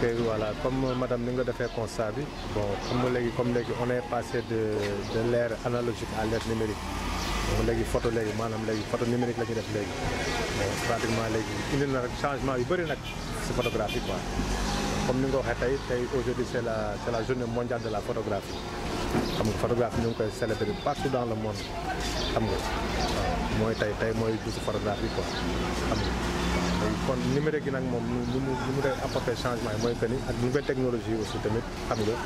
Donc voilà, comme madame Ninga a fait constat, bon, comme, comme on est passé de, de l'ère analogique à l'ère numérique. moom léegi photo léegi maanaam léegi photo numérique la ñu def léegi pratiquement léegi indi na rek changement yu bëri nag si photographie quoi comme Ninga a ko aujourd'hui c'est la c'est la journée mondiale de la photographie xam nga photographie ñu ngi koy célébrer partout dans le monde xam nga waaw mooy tey tey mooy bisu photographie quoi xam nga kon numérique gi nag moom lu mu lu mu day apporter changement yi mooy que ni ak nouvelle technologie aussi tamit xam nga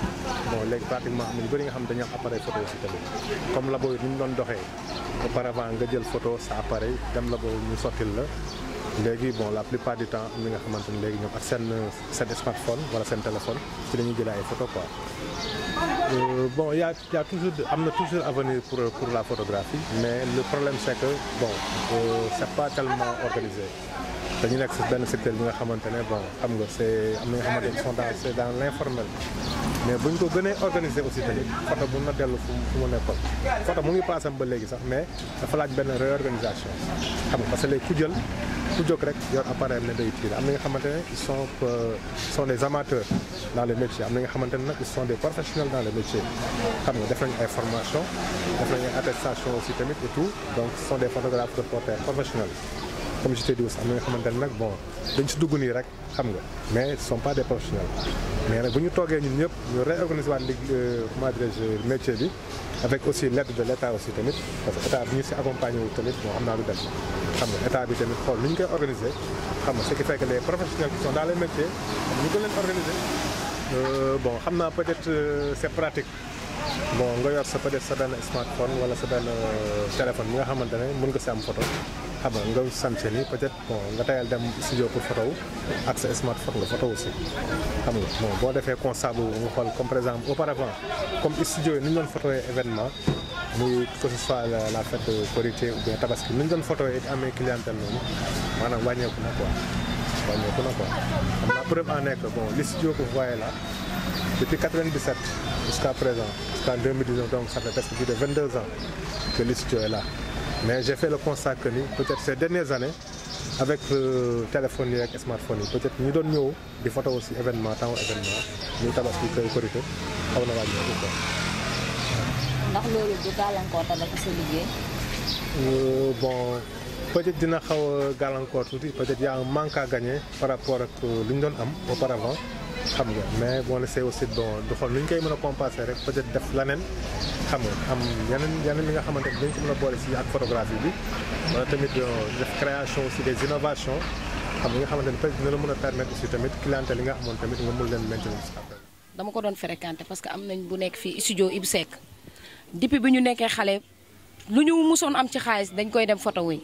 bon léegi pratiquement am na ñu bëri nga xam ne dañuy am appareil photo aussi tamit comme labo yi ni ñu doon doxee auparavant nga jël photo sa appareil dem labo ñu sottil la léegi bon la plupart du temps mi nga xamante ni léegi ñoom ak smartphone wala un téléphone ci le ñuy de ay photo quoi euh, bon il y a y a toujours amène toujours avenir pour pour la photographie mais le problème c'est que bon euh, c'est pas tellement organisé dañu nekk si benn secteur bi nga xamante bon nga c'est am nga dans c'est dans l'informel mais buñ ko gënee organisé aussi tamit photo bu na dellu fu fu mu nekkoon photo mu ngi passam ba léegi sax mais dafa laaj benn réorganisation xam nga parce que léegi ku jël ku jóg rek yor appareil am ne day tiir am na nga xamante ils sont sont des amateurs dans le métier am na nga xamante ne ils sont euh, des professionnels dans le métier xam nga def nañu ay formation def nañu attestation aussi tamit et tout donc ce sont des photographes professionnels comme je t'ai dit aussi am na ne bon dañ si dugg nii rek xam nga mais ce sont pas des professionnels mais nag bu ñu ñun ñëpp ñu réorganiser waat li euh, comment dirais métier bi avec aussi l'aide de l'état aussi tamit parce que état bi ñu si accompagné wu tamit moo xam naa du dem xam nga état bi tamit ñu organiser xam nga ce qui fait que les professionnels qui sont dans le métier, ñu ko leen organiser euh, bon xam naa peut-être euh, c'est pratique bon nga yor sa peut-être sa benn smartphone wala sa benn euh, téléphone bi nga xamante ne mën nga si am photo xam nga nga samse ni peut-être bon nga tayal dem studio pour photo wu ak sa smartphone nga photo wu si xam nga bon boo defee constat boobu nga xool comme par exemple auparavant comme studio yi ni ñu doon photo événement muy que ce soit la fête Korité ou Tabaski ni ñu doon photo it amee clientèle noonu maanaam wàññeeku na quoi wàññeeku na ko xam naa preuve en bon li studio ko voyé Depuis 1997 jusqu'à présent, jusqu'en 2019, donc ça fait presque plus de 22 ans que l'institut est là. Mais j'ai fait le constat que peut-être ces dernières années, avec le euh, téléphone et le smartphone, peut-être nous donnons des photos aussi événements, tant événements, nous avons expliqué le corridor, on va ndax euh, bon peut-être dina xaw a gàllankoor peut-être y a un manque à gagner par rapport à ce euh, auparavant xam nga mais bon c'est aussi bon du xool nu ñu koy mën a compenser rek peut-être def leneen xam nga am yeneen yeneen li nga xamante ne dañ ko mën a boole si ak photographie bi wala tamit euh, def création aussi des innovations xam nga nga xamante ne peut-être dina la a permettre aussi tamit clientèle li nga xamante tamit nga mën leen maintenir dama ko doon fréquenter parce que am nañ bu nekk fii studio Ibou Seck depuis bi ñu nekkee xale lu ñu musoon am ci xaalis dañ koy dem photo wuñ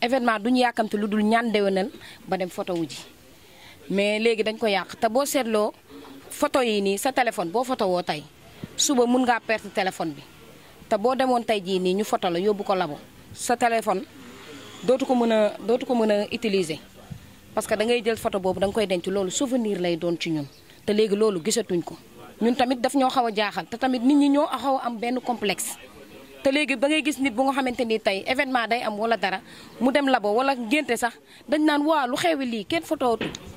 événement duñu yàkkamte lu dul ñaan déwénal ba dem photo wu ji mais léegi dañ ko yàq te boo seetloo foto yi nii sa téléphone boo photo woo tey suba mun ngaa perte téléphone bi te boo demoon tey jii nii ñu photo la yóbbu ko labo sa téléphone dootu ko mën a dootu ko mën a utiliser parce que da ngay jël foto boobu da nga koy denc loolu souvenir lay doon ci ñun te léegi loolu gisatuñ ko ñun tamit daf ñoo xaw a jaaxal te tamit nit ñi ñoo xaw a am benn complexe te léegi ba ngay gis nit bu nga xamante ni tey événement day am wala dara mu dem labo wala ngénte sax dañ naan waa lu lii kenn photootu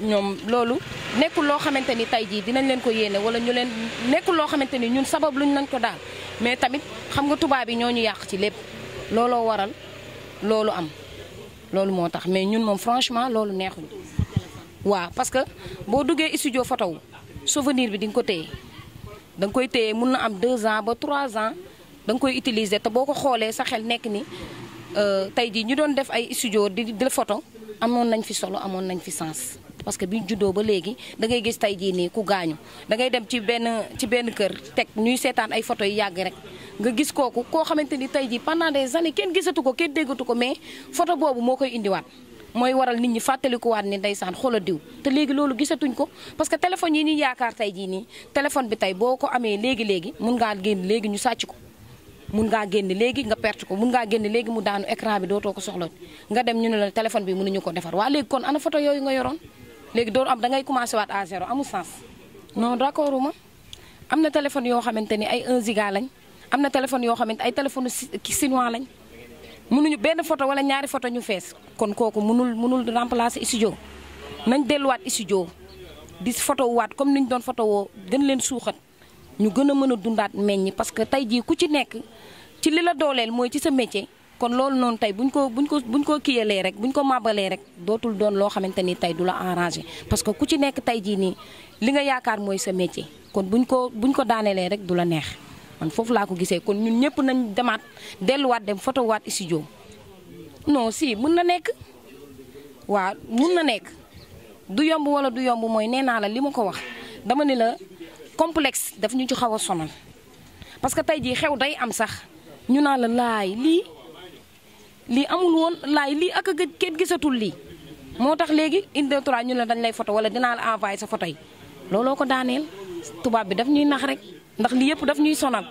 ñoom loolu nekkul loo xamante ni tey jii dinañ leen ko yéene wala ñu leen nekkul loo xamante ni ñun sabab lu luñ lañ ko daal mais tamit xam nga tubaab yi ñoo ñu yàq ci lépp looloo waral loolu am loolu moo tax mais ñun moom franchement loolu neexuñ waaw parce que boo duggee studio photo wu souvenir bi di nga ko téye da koy téye mun na am 2 ans ba trois ans da nga koy utiliser te boo ko xoolee sa xel nekk ni euh, tey jii ñu doon def ay studio di di photo amoon nañ fi solo amoon nañ fi sens. parce que bi ñu juddoo ba léegi da ngay gis tey ji nii ku gaañu da dem ci benn ci benn kër teg ñuy seetaan ay foto yu yàgg rek nga gis kooku koo xamante ni tey jii pendant des années kenn gisatu ko kenn déggatu ko mais photo boobu moo koy indiwaat. mooy waral nit ñi fàttalikuwaat ni ndeysaan xoola diw te léegi loolu gisatuñ ko parce que téléphone yi ni yaakaar tey jii nii téléphone bi tey boo ko amee léegi léegi mun ngaa génn léegi ñu sàcc ko. mun ngaa génn léegi nga perte ko mun ngaa génn léegi mu daanu écran bi dootoo ko soxla nga dem ñu ne la téléphone bi mënuñu ko defar waa léegi kon ana photo yooyu nga yoroon. léegi door am da ngay commencé waat à zéro amul sens non d'accord ma am na téléphone yoo xamante ni ay 1 giga lañ am na téléphone yoo xamante ay téléphone chinois lañ mënuñu benn foto wala ñaari photo ñu fees kon kooku mënul mënul remplacer studio nañ delluwaat studio di photo comme ni ñu doon foto woo gën leen suuxat ñu gën a mën a dundaat meññ parce que tey jii ku ci nekk ci li la dooleel mooy ci sa métier kon loolu noonu tey buñ ko buñ ko buñ ko kiyalee rek buñ ko màbbalee rek dootul doon loo xamante ni tey du la arrangé parce que ku ci nekk tey jii nii li nga yaakaar mooy sa métier kon buñ ko buñ ko daanelee rek du la neex man foofu laa ko gisee kon ñun ñëpp nañ demaat delluwaat dem fotowaat studio no si mën na nekk waa mën na nekk du yomb wala du yomb mooy nee naa la li ma ko wax dama ni la complexe daf ñu ci xaw a sonal parce que tey xew day am sax ñu naa lii amul woon laay lii ak a kenn gisatul lii moo tax léegi une deux trois ñu ne dañ lay photo wala dinaa la envoyé sa photo yi looloo ko daaneel tubaab bi daf ñuy nax rek ndax lii yëpp daf ñuy sonal